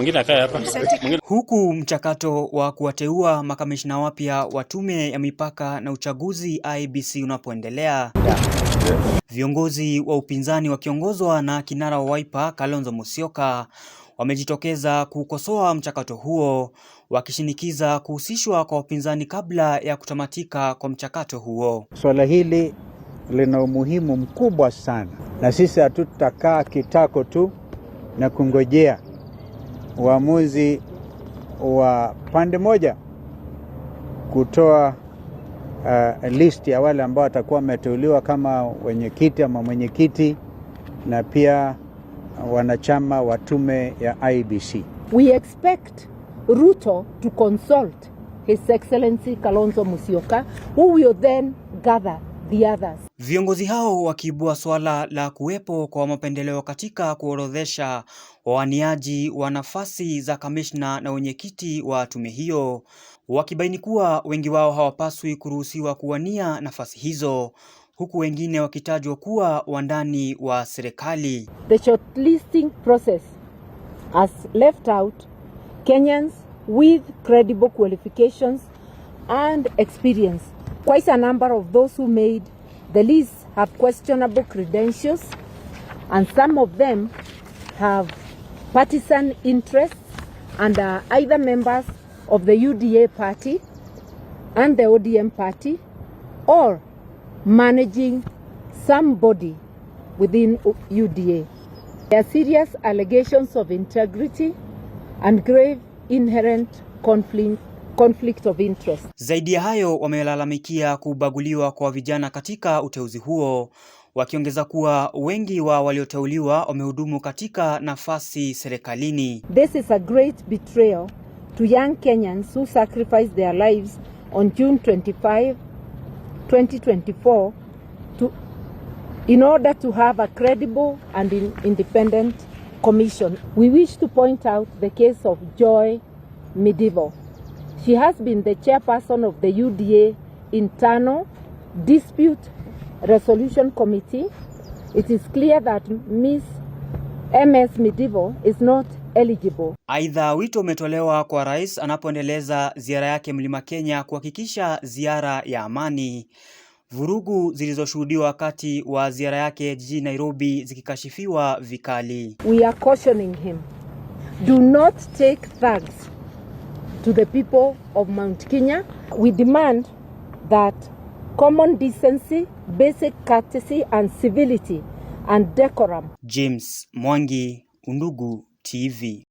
mwingine akae hapa Huku mchakato wa kuwateua makamishina wapya wa Tume ya Mipaka na Uchaguzi IEBC unapoendelea, viongozi wa upinzani wakiongozwa na kinara wa Wiper Kalonzo Musyoka wamejitokeza kukosoa mchakato huo wakishinikiza kuhusishwa kwa upinzani kabla ya kutamatika kwa mchakato huo. Swala hili lina umuhimu mkubwa sana, na sisi hatutakaa kitako tu na kungojea uamuzi wa pande moja kutoa uh, listi ya wale ambao watakuwa wameteuliwa kama wenyekiti ama mwenyekiti na pia wanachama wa tume ya IBC. We expect Ruto to consult His Excellency Kalonzo Musyoka who will then gather the others. Viongozi hao wakiibua swala la kuwepo kwa mapendeleo katika kuorodhesha wawaniaji wa nafasi za kamishna na wenyekiti wa tume hiyo, wakibaini kuwa wengi wao hawapaswi kuruhusiwa kuwania nafasi hizo, huku wengine wakitajwa kuwa wandani wa serikali. The shortlisting process has left out Kenyans with credible qualifications and experience Quite a number of those who made the list have questionable credentials, and some of them have partisan interests and are either members of the UDA party and the ODM party or managing somebody within UDA. There are serious allegations of integrity and grave inherent conflict conflict of interest. Zaidi ya hayo, wamelalamikia kubaguliwa kwa vijana katika uteuzi huo, wakiongeza kuwa wengi wa walioteuliwa wamehudumu katika nafasi serikalini. This is a great betrayal to young Kenyans who sacrificed their lives on June 25, 2024 to in order to have a credible and independent commission. We wish to point out the case of Joy She has been the chairperson of the UDA Internal Dispute Resolution Committee. It is clear that Ms. MS Medivo is not eligible. Aidha, wito umetolewa kwa rais anapoendeleza ziara yake Mlima Kenya kuhakikisha ziara ya amani. Vurugu zilizoshuhudiwa wakati wa ziara yake jijini Nairobi zikikashifiwa vikali. We are cautioning him. Do not take thugs to the people of Mount Kenya. We demand that common decency, basic courtesy and civility and decorum. James Mwangi, Undugu TV.